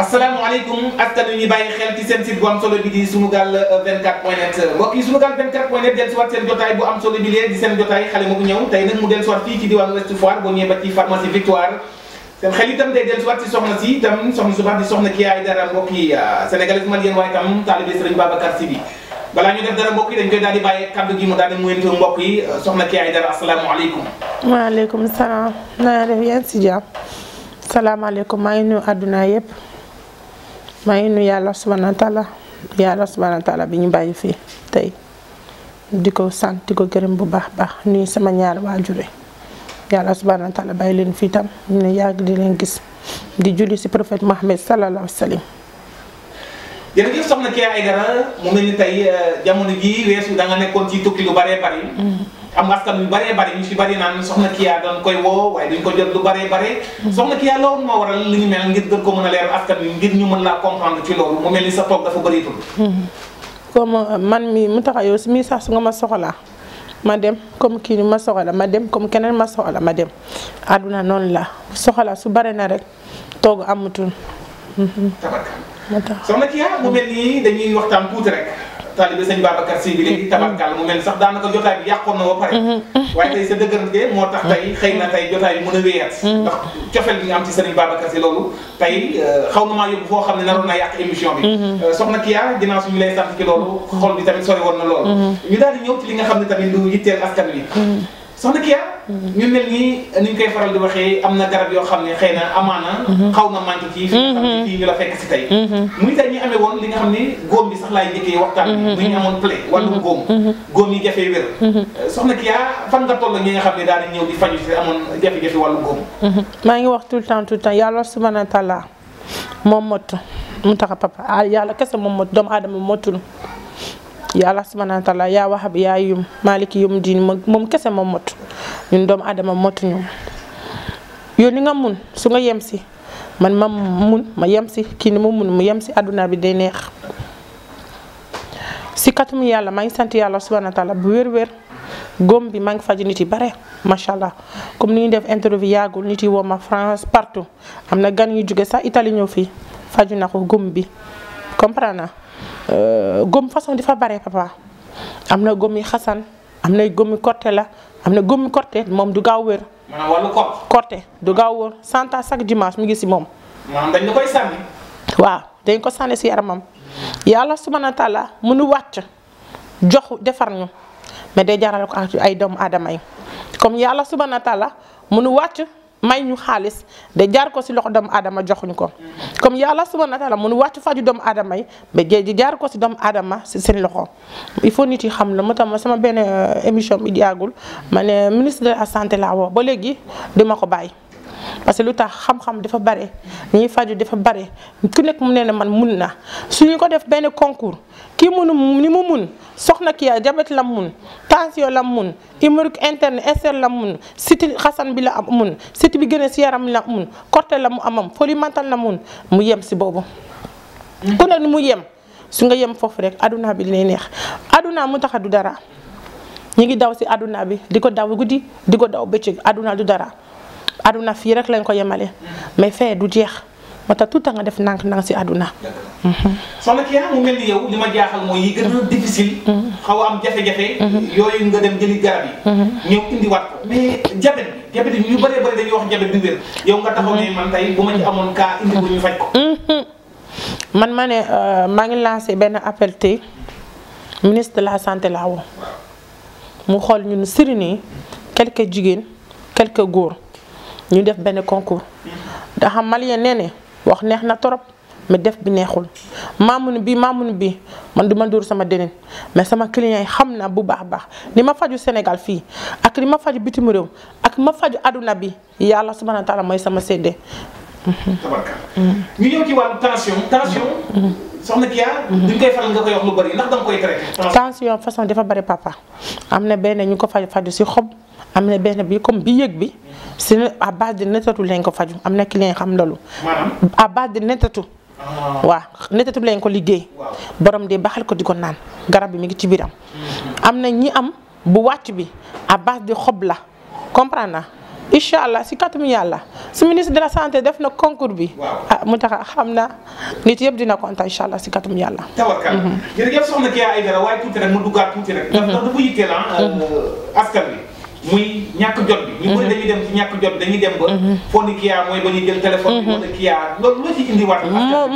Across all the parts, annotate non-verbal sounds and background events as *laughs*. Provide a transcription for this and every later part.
asalaamaaleykum askan wi ñu bàyyi xel ci seen site bu am solo bi di Sunugal 24 euh, point net mbokk yi Sunugal 24 point net dellusiwaat seen xale mu ñëw tey nag mu dellusiwaat fii ci diwaan Ouest Foire boo ñëwee ba ci pharmacie Victoire seen xel itam day dellusiwaat ci soxna si itam soxna su baax di soxna kii ay dara mbokk yi euh, sénégalais malien waaye itam taalibe Sëriñ Babacar Sy bi balaa ñu def dara mbokk dañ koy daal di bàyyi kàddu gi mu daal di muyante mbokk yi euh, soxna kii ay dara asalaamaaleykum. yëpp maa ngi nuyu yàlla subhanahu wa yàlla subhanahu wa bi ñu bàyyi fii tey di ko sant di ko gërëm bu baax baax nuyu sama ñaari waajure yàlla subhanahu wa taala leen fii tam ñu yàgg di leen gis di julli si prophète Mohammed sallallahu alayhi wa sallam. jërëjëf soxna Kya Aidara mu mel ni euh, jamono jii weesu da nga nekkoon ci tukki lu baree bari. Mm-hmm. am nga askan wi bëree bëri ñu si bëri naan soxna Kya doon koy woo waaye duñ ko jot lu bëree bëri. soxna Kya loolu moo waral li ñu mel ngir gën ko mën a leeral askan wi ngir ñu mën laa comprendre mu ni sa toog dafa bëritul. comme euh, man mi mu tax a yow sax su nga ma soxlaa ma dem comme kii ma soxla ma dem comme keneen ma soxla ma dem àdduna noonu la soxla su bare na rek toog amatul. tabarka moo soxna Kya mu mel nii dañuy waxtaan tuuti rek. taalibe sëñ Babacar bi léegi tabarkaal mu mel ni sax daanaka jotaay bi yàqoon na ba mm-hmm, mm-hmm. waaye sa dëggante moo tax tey mm-hmm. xëy na tey jotaay bi mën a wéyaat ndax cofeel bi nga am ci sëriñ Babacar loolu tey euh, xaw na maa yóbbu foo xam ne naroon naa yàq émission bi euh, soxna Kiya ginnaaw suñu lay sant ci loolu xol bi tamit sori woon na loolu ñu daal ñëw ci li nga xam ne tamit lu yitteel askan wi soxna Kiya ñu mel nii ni koy faral di waxee am na garab yoo xam ne xëy na amaana. Mhm. xaw na manqué ci. Mhm. fii ñu la fekk si tey. Mhm. amee woon li nga xam ni góom bi sax laay njëkkee waxtaan bi. ñu amoon plaie wàllu góom. góom yi jafee wér. soxna Kya fan nga toll ñi nga xam ne daal di ñëw di faju si amoon jafe-jafe wàllu góom. maa ngi wax tout le temps tout temps yàlla subhanahu wa taala moom mottu mu tax a papa ah, yàlla kese moom mottu doomu aadama mottul. yàlla subhanahu yaa wahab yaa yum maliki yum diin moom kese moom mottu ñun doomu aadama motuñu yow li nga mun su nga yem si man ma mun ma yem si kii ni mu mun mu yem si àdduna bi day neex si katum yàlla maa ngi sant yàlla subhaana taala bu wér-wér góom bi maa ngi faj nit yi bare macha allah comme ni ñuy def interview yàggul nit woo ma France partout am na gan yu jóge sax Italie ñëw fii faju na ko góom bi comprendre na euh, góom façon di fa bare papa am na góom xasan am nay góomi corté la am na góomi corté moom du gaaw wér. maanaam wàllu du gaaw wér santa chaque dimanche mu ngi si moom. maanaam dañ waaw dañ ko sànni si yaramam. yàlla subhanahu wa taala mënu wàcc jox defar nu mais day jarale ko ay doomu aadama yi comme yàlla subhanahu wa taala wàcc. may ñu xaalis de jaar ko si loxo doomu aadama joxuñu ko comme yàlla subhaanahu wa taala mun wàccu faju doomu aadama yi mais géej jaar ko si doomu aadama si seen loxo il faut nit yi xam la moo tax ma sama benn euh, émission bi jaagul ma ne ministre de la santé laa woo ba léegi duma ko bàyyi parce que lu tax xam-xam dafa bare ñuy faju defa bare ku nekk mu ne man mun na suñu ko def benn concours ki munu ni mu mun soxna kii a diabète la mun tension la mun hémorroïde interne SR la mun siti xasan bi la am mun bi gën si yaram la mun corté la mu amam folie mentale la mun mu yem si boobu ku ni mu yem su nga yem foofu rek aduna bi lay neex adduna mu tax a du dara ñu ngi daw si aduna bi di ko daw guddi di ko daw bëccëg aduna du dara adduna fii rek lañ ko yemale mais fee du jeex moo tax tout nga def ndànk-ndànk si àdduna. soxna Kya mu mel ni yow li ma jaaxal mooy yi gën a difficile. Mhm. xaw am jafe-jafe. Mhm. yooyu nga dem jëli garab yi. Mhm. ñëw indiwaat ko mais jabet bi yow nga taxaw man ma amoon kaa indi ko ñu faj ne euh, maa ngi lancé benn appel tey ministre la santé laa woo mu xool ñun siri nii jigéen quelque góor. ñu def benn concours ndax malien nee ne wax neex na torop ma def bi neexul maamunu bi maamunu bi man duma ma sama deneen mais sama client yi xam na bu baax baax li ma faju Sénégal fii ak li ma faju bitim réew ak ma faju àdduna bi yàlla subhanahu wa taala mooy sama séddee. tabarka mm-hmm. mm-hmm. façon dafa bari papa am na benn ñu ko faju faju si xob am na benn bi comme bi yëg bi. c' est à base de nettatu lañ ko faju am na ki leen xam loolu. maanaam à base nettatu. Ah. waaw nettatu lañ ko liggéey. borom de baaxal ko di ko naan garab bi mi ngi ci biiram. Mm-hmm. am na ñi am bu wàcc bi à base de xob la comprendre na incha allah si kàttanu yàlla si ministre de la santé def na concours bi. ah mu tax xam na nit yëpp dina kontaan incha allah si kàttanu yàlla. muy ñàkk jot bi. ñu bëri mhm. dañuy dem ci ñàkk jot bi dañuy dem ba. Mhm. foni Kia mooy ba ñuy jël téléphone. wala mhm. Kia loolu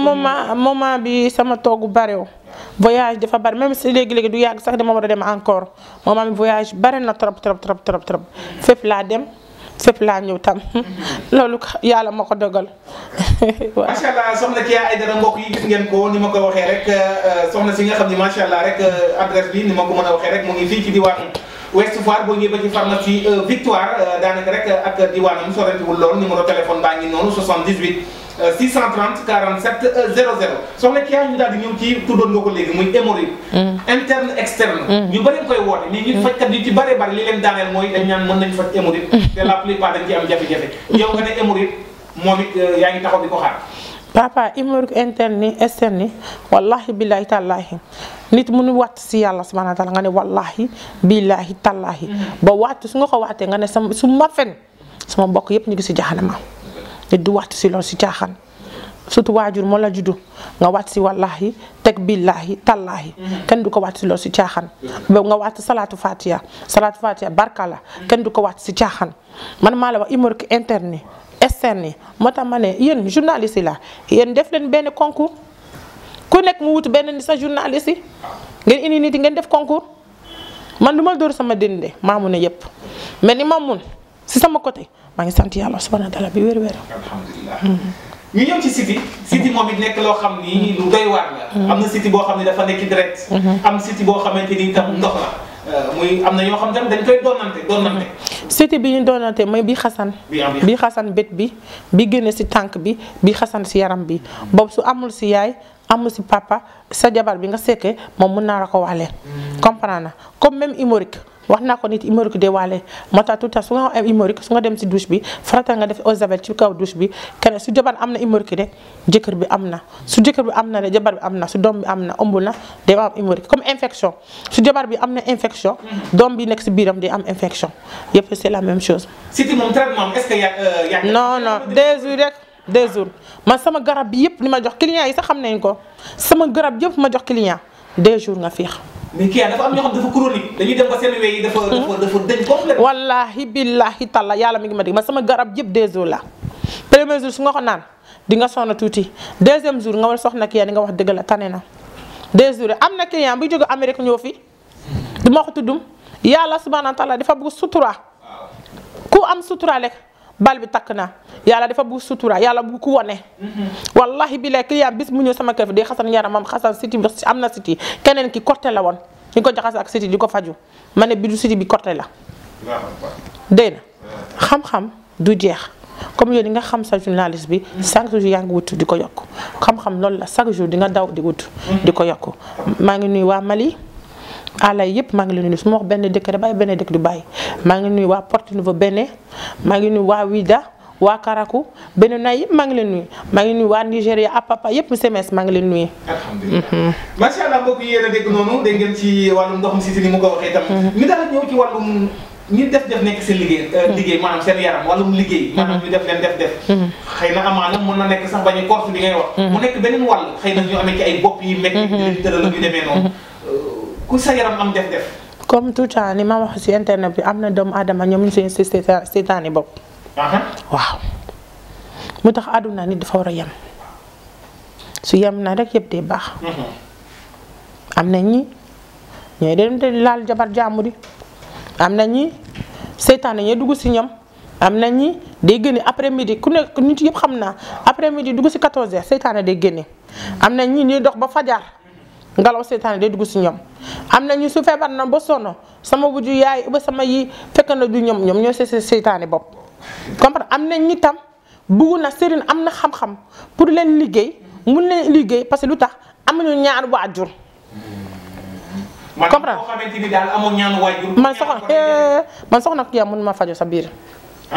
loo bi sama toogu barew voyage dafa bari même si léegi-léegi du yàgg sax dama war a dem encore moment bi voyage bare na trop trop trop trop trop fépp laa dem. fépp laa ñëw tam *laughs* loolu yàlla ma ko dogal. *laughs* macha allah soxna Kya Aidara mbokk yi ngeen ko ni ma ko waxee rek euh, soxna si nga xam ni macha allah rek euh, adresse bi ni ma ko mën a waxee rek mu ngi fii ci diwaan. Ouest Foire boo ñëwee ba ci pharmacie euh, Victoire euh, daanaka rek euh, ak diwaanam sorentiwul lool numéro téléphone baa ngi noonu 78 630 47 00 soxna kii yaa ñu daal di ñëw ci tuddoon nga ko léegi muy hémorroïde. Mm. interne externe. Mm. ñu bëri koy woote. mais ñu mm. fajkat yu ci bëree bëri li leen daaneel mooy dañ naan mën nañu faj hémorroïde. *laughs* te la plupart dañ ci am jafe-jafe. yow nga ne hémorroïde moom it yaa ngi taxaw di ko xaar. papa humeur interne externe wallahi billahi tàllaahi nit mu nu wat si yàlla subhanahu wa taala nga ne wallahi billahi tàllaahi boo wàtt su nga ko wàttee nga ne sama su ma fen sama mbokk yépp ñu ngi si jaxanama nit du wàtt si loolu si caaxaan surtout waajur moo la juddu nga wàtt si wallahi teg billahi tallaahi kenn du ko wàtt si loolu si caaxaan ba nga wàtt salaatu fatiha salaatu fatiha barka la kenn du ko wàtt si caaxaan man maa la wax humeur interne externe yi moo tax ma ne yéen journaliste yi la yéen def leen benn concours ku nekk mu wut benn ni sa journaliste yi ngeen indi nit yi ngeen def concours man lu ma dóor sama dinde maa mun a yëpp mais ni ma mun si sama côté maa ngi sant yàlla subhanahu wa bi wér wér alhamdulilah ñu ñëw ci site site mhm. moom it nekk loo xam ni mhm. lu doy waar la mhm. am na site boo xam ne dafa nekk direct am site boo xamante ni tam ndox la euh, muy am na yoo xam tam dañ koy doonante doonante sété bi ñu doonante mooy bi xasan bi xasan bët bi bi génnee ci tànk bi bi xasan ci yaram bi boobu su amul si yaay amul si papa sa jabar bi nga sekkee moom mën naa la ko waxlee mm. comprendre na comme même humorique wax naa ko nit humeur de waale moo tax tout à su nga am humeur su nga dem si douche bi farata nga def eau de ci kaw douche bi keneen su jabar am na humeur jëkkër bi am na su jëkkër bi am na de jabar am na su doom bi am na ëmb na day am comme infection su jabar bi am na infection doom bi nekk si biiram day am infection yëpp c'est la même chose. siti moom traitement est-ce que yaa euh, non non deux jours rek deux jours man sama garab bi yëpp li ma jox client yi sax xam nañ ko sama garab yëpp ma jox client deux jours nga fiix mais kii dafa am ñoo xam dafa chronique dañuy dem ba seen wéy yi hmm? dafa dafa dafa yàlla mi ngi ma dégg ma sama garab yëpp deux jours la premier jour su nga ko naan di nga sonn tuuti deuxième jour nga war soxna kii yaa nga wax dëgg la tane na. deux jours am na client buy jóge Amérique ñëw fi du ma ko tuddum yàlla subhaana taala dafa bëgg sutura ku am sutura rek. bal bi takk na yàlla dafa bu sutura yàlla bu ko wone mhm. wallahi bi lay client bis mu ñëw sama kër fi di xasan yaramam xasan siti am na siti keneen ki corté la woon ñu ko jaxase ak siti di ko faju ma ne bi du siti bi corté la dégg na xam-xam du jeex comme yow di nga xam sa journaliste bi mhm. chaque jour yaa ngi wut di ko yokk xam-xam loolu la chaque jour di nga daw di wut di ko yokk mhm. maa ngi nuyu waa Mali àllay yëpp maa ngi leen nuyu su ma wax benn dëkk da bàyyi benn dëkk du bàyyi maa ngi nuyu waa Porte Nouveau Bénin maa ngi nuyu waa Ouida waa Karakou benn naay maa ngi leen nuyu maa ngi nuyu waa Nigéria apapa yëpp SMS maa ngi leen nuyu. alhamdulilah macha mhm. allah mbokk yi yéen a dégg si si mu ko waxee mhm. ñu daal ñëw ci wàllum nekk seen liggéey. Euh, mhm. liggéey maanaam seen yaram wàllum liggéey. maanaam ñu def leen def def. xëy na amaana mën na nekk a koof mu nekk beneen wàll xëy na ñu amee ci ay bopp yi metti. di leen noonu ku sa comme tout temps ni ma wax ci internet bi am na doomu aadama ñoom seen si seytaane bopp. waaw. mu tax àdduna nit dafa war a yem su yem na rek yëpp day baax. Mhm. am na ñi ñooy dem laal jabar jàmbur yi am na ñi seytaane ñooy dugg ci ñoom. am na ñi de génne après midi ku nekk nit yëpp xam naa après midi dugg si 14h seytaane day génne am na ñi ñuy dox ba fajar ngelaw seytaane day dugg si ñoom am na ñu su feebar na ba sonn sama wujju yaay ba sama yi fekk na du ñoom ñoom ñoo see seytaane bopp comprendre am na ñi tam na sëriñ am na xam-xam pour leen liggéey mun leen liggéey parce que lu tax am ñaar waajur comprendre man soxna eh, man soxna ma faju sa biir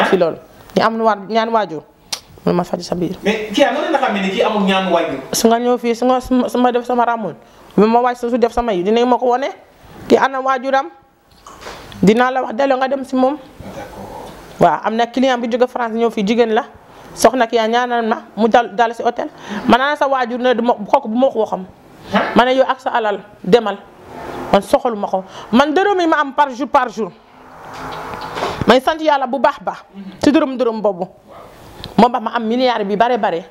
si loolu am ñaan waajur mun ma faju sa biir mais su nga ñëw fii su nga su ma def sama ràmmoon ma ma wàcc su def sama yi dinañ ma ko wone ki ana waajuram dinaa la wax delloo nga dem si moom. waaw am na client bi jóge France ñëw fii jigéen la soxna ki yaa ñaanal ma mu dal dal si hôtel ma naan sa waajur ne du ma kooku bu ma ko ma ne yow ak sa alal demal man soxalu ma ko man dërëm yi ma am par jour par jour may sant yàlla bu baax baax si dërëm dërëm boobu moo tax ma am milliard bi bare bare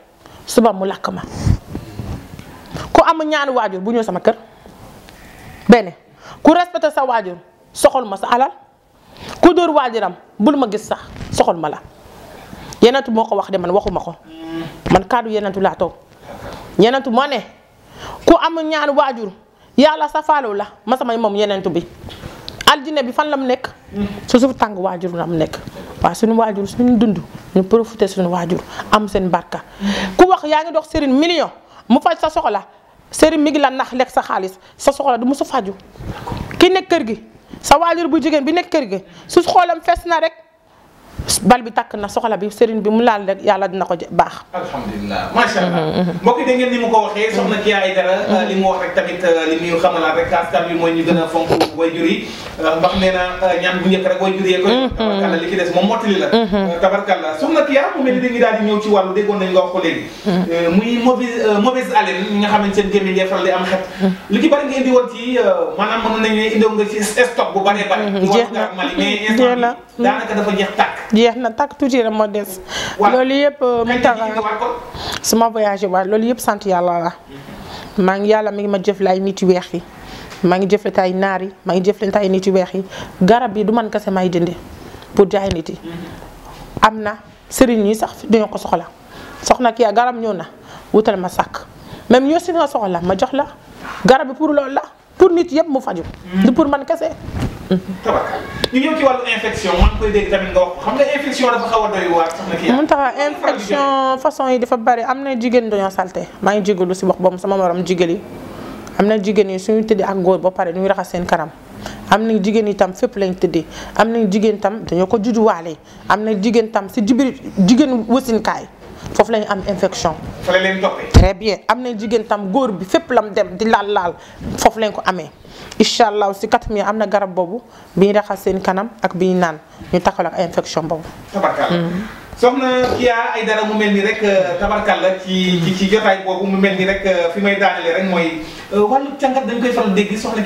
suba mu lakk ma. am ñaani waajur bu ñëw sama kër benn ku respecté sa waajur soxol ma sa alal ku dóor waajuram bul ma gis sax soxol ma la yenentu moo ko wax de man waxuma ko man kàddu yenentu laa toog yenentu moo ne ku am ñaani waajur yàlla sa faalow la ma samay moom yeneentu bi aljine bi fan la mu nekk su suuf tàng waajur la mu nekk waaw suñu waajur suñu dund ñu profité suñu waajur am seen barka ku wax yaa ngi dox sëriñ million mu faj sa soxla sëriñ mi ngi la nax lekk sa xaalis sa soxla du musu faju ki nekk kër gi sa waajur bu jigéen bi nekk kër gi su xoolam fes na rek. bal bi tàkk na soxla bi sëriñ bi mu laal rek yàlla dina ko baax. alhamdulilah macha allah. Mm-hmm, mm-hmm. mbokk yi ngeen ni mu ko waxee. soxna Kya Aidara. Mm-hmm. li mu wax rek tamit euh, li muy xamalaat rek askan a bu euh, euh, njëkk rek wayjur yee ko. tabarkalla li ci des moom mottali la. tabarkalla soxna Kya mu mel ni dañuy daal di ñëw ci wàllu déggoon nañ nga wax ko léegi. muy mauvaise mauvaise haleine ñi nga xam stock bu baree bari. jeex na daanaka dafa jeex tàkk jeex na takk tuuti rek moo des. loolu yëpp mu tax su ma voyagé waat loolu yëpp sant yàlla la. maa ngi yàlla mi ngi ma jëfle ay nit yu weex yi maa ngi jëflante ay naar yi maa ngi jëflante ay nit yu weex yi garab yi du man kese may jënde pour jaay nit yi. Mhm. am na sëriñ yi sax dañoo ko soxla soxna kii garab ñëw na wutal ma sàkk même ñoo si nga soxla ma jox la garab bi pour loolu la pour nit yëpp mu faju mhm. du pour man kese. tabarkaal ñu ñëw ci mun tax infection façon yi dafa bari am na jigéen dañoo salté maa ngi jégalu si wax boobu sama morom jigéen yi am na jigéen yi suñu tëddee ak góor ba pare ñu raxas seen kanam am na jigéen itam fépp lañ tëddee am na jigéen tam dañoo ko judduwaale am na jigéen tam si jibir jigéen wasinkaay foofu lañu am infection. très bien am na jigéen tam góor bi fépp lam dem di laal laal foofu lañ ko amee incha allah si kat mi am na garab boobu bi ñu raxas seen kanam ak bi ñu naan ñu takkal ak infection boobu. Mm-hmm. soxna Kya ay dara mu mel ni rek euh, tabarkaal la ci ci boobu mu mel ni rek euh, fi may daanale rek mooy euh, wàllu càngat dañ koy faral dégg soxna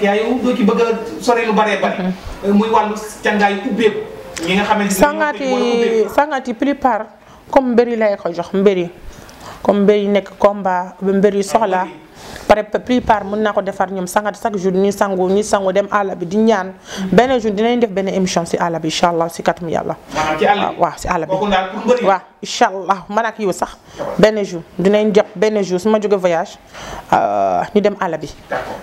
mm-hmm. sangaat yi sangaat comme mbër lay ko jox mbër yi comme mbër yi nekk combat ba mbër yi soxla ah, pare prépare mun naa ko defar ñoom sangat chaque jour ñi sangu ñi sangu dem àll bi di ñaan hmm. benn jour dinañ def benn émission si àll bi incha allah si katum yàlla ah, waaw si àll bi waaw incha allah man ak sax benn jour dinañ jàpp benn jour su ma jóge voyage ah, ñu dem àll bi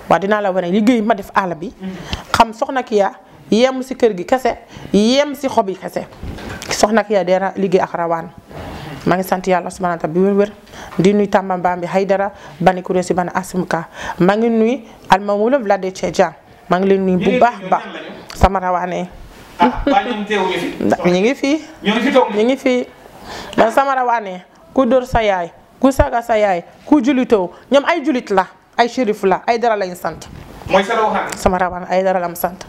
waaw dinaa la wane liggéey ma def àll bi hmm. xam soxna Kya yem si kër gi kese yem si xobi yi kese soxna ki yaa dee liggéey ak rawaan maa ngi sant yàlla subhaana taala bi wér-wér di nuy Tamba Mbambi Haydara bani kuré si bani asimka maa ngi nuy almamula Vladé Tchedjan maa ngi leen nuy bu baax baax sama rawaane ah, ñu ngi fi ñu ngi fii man sama rawaane ku dóor sa yaay ku saga sa yaay ku julitoo ñoom ay julit la ay shérif la ay dara lañ sant mooy sama rawaane ay dara lam sant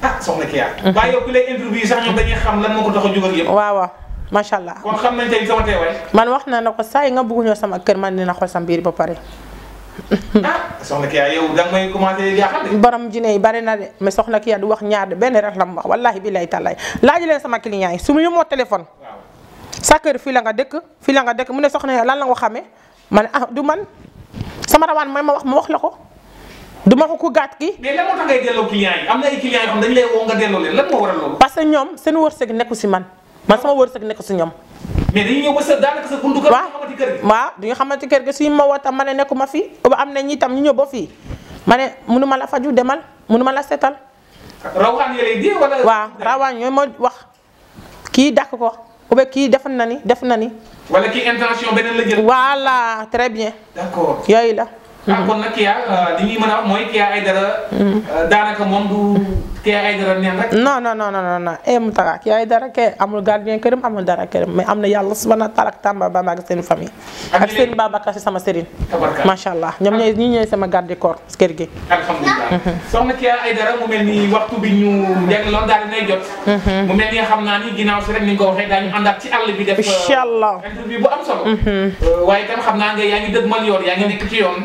ah soxna Kya. waaye yow ku a jóg man wax na na ko saa yi nga bëgg ñoo sama kër man dina xool sa mbir ba pare. *laughs* ah soxna Kya yow da nga bari na de mais soxna Kya du wax ñaar de benn rek la mu wax wallaahi lay tallaay laaj leen sama client yi su ma yemoo téléphone. sa kër fii la nga dëkk fii la nga dëkk mu ne soxna yow lan la nga xamee man ah du man sama rawaan may ma wax ma wax la ko du ma ko ku gàtt ki mais lan moo tax ngay delloo client yi am na ay client yoo xam dañu lay woo nga delloo leen lan moo waral loolu. parce que ñoom seen wërsëg nekku si man man sama wërsëg nekku si ñoom. mais dañuy du ñu xamante kër gi suñu ma woo tam ma nekkuma fi ba am na ñi tam ñu ñëw ba fii ma ne munu ma la faju demal munu ma la setal. rawaan yi lay dee wala. waaw rawaan yooyu moo wax kii dàq ko oubien kii def na ni def na ni. wala kii intention beneen la jël. voilà très bien. d'accord yooyu la. ah kon nag Kya euh, li ñuy mën a wax mooy Kya Aidara. Mm. Euh, daanaka moom du. kii ay dara neen rek. non non non non non eh mu taga kii ay dara kay amul gardien këram amul dara këram mais am na yàlla subhana taala ak Tamba Bamba ak seen famille. ak seen Babacar si sama sëriñ. tabarka macha allah ñoom ñooy ñi ñooy sama garde corps kër gi. alhamdulilah. Mhm. soxna kii ay dara mu mel ni waxtu bi ñu njëkk daal di nay jot. Mhm. mu mel ni xam naa ni ginnaaw si rek ni nga ko waxee daañu àndaat ci àll bi. def euh, incha allah interview bu am solo. Mhm. Euh, waaye tam xam naa nga yaa ngi dëgmal yoon yaa ngi nekk ci yoon.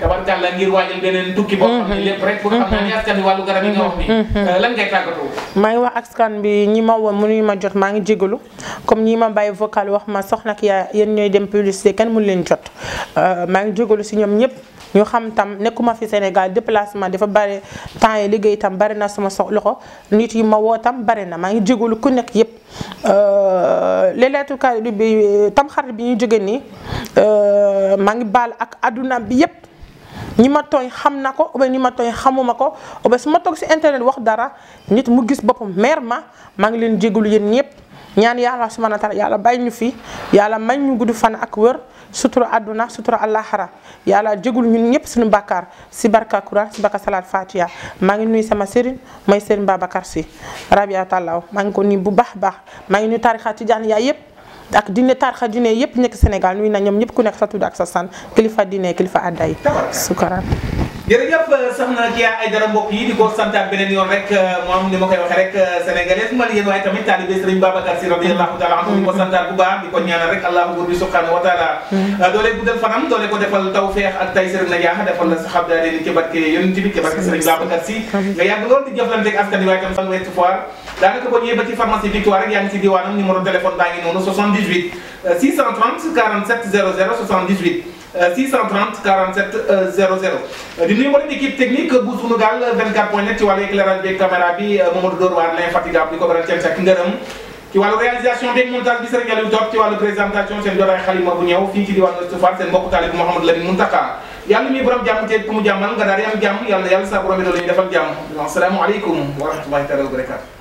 tabarka allah ngir waajal beneen tukki boo xam ne lépp rek pour xam naa ni askan wi wàllu garab yi nga wax ni Euh, hmm. lan ngay maa ngi wax askan bi ñi ma woon mënuñu ma jot maa ngi jégalu comme ñi ma bàyyi vocal wax ma soxna ak yaa yéen ñooy dem publicité kenn mënu leen jot euh, maa ngi jégalu si ñoom ñëpp. ñu xam tam nekkuma fi Sénégal déplacement dafa bari temps yi liggéey tam bari na sama sox loxo nit yi ma woo tam bari na maa ngi jégalu ku nekk yëpp euh, léeg-léeg bi tam xarit bi ñu jóge nii maa ngi baal ak adduna bi yëpp. ñi ma xam na ko ou bien ñi ma tooñ xamuma ko ou bien su ma toog si internet wax dara nit mu gis boppam meer ma maa ngi leen jégalu yéen ñëpp ñaan yàlla subhana wa taala yàlla bàyyi ñu fi yàlla may ñu gudd fan ak wër sutura àdduna sutura àllaaxira yàlla jégul ñun ñëpp suñu bàkkaar si barka Quran si barka salaat fatiha maa ngi nuy sama sëriñ mooy sëriñ Babacar Si rabia taala maa ngi ko nuyu bu baax baax maa ngi nuyu taarixaat ci jaan yaay yëpp ak diine tarxa diine yëpp nekk Sénégal nuyu na ñoom ñëpp ku nekk sa tudd ak sa sant kilifa diine kilifa adday sukaran jërëjëf soxna Kya Aidara mbokk yi di ko santaat beneen yoon rek euh, moom ni ma koy waxee rek euh, sénégalais ko bu baax di wa taala hmm. euh, doole guddal fanam doole ko defal tawfeex ak tay sëriñ Najaaxa defal la saxab daa leen ci barke yonent bi ci barke sëriñ nga yàgg lool di jëflante ak askan wi waaye tam san wet foir daanaka boo ñëwee ba ci pharmacie Victoire rek yaa ngi ci diwaanam numéro téléphone baa ngi noonu 78 630 47 00 78 di nuyu mboolem équipe technique bu Sunugal 24 point net ci wàllu éclairage bi caméra bi euh, Mamadou Dóor waar l'infatigable di bi Serigne Aliou Diop ci wàllu présentation seen jotaay xalima bu ñëw fii ci diwaanu Sufar seen mbokku taalib Mouhamadou Lamine Muntaka yàlla mi borom jàmm te ku mu jàmmal nga daal di am jàmm yàlla yàlla sa borom yi doon la ñuy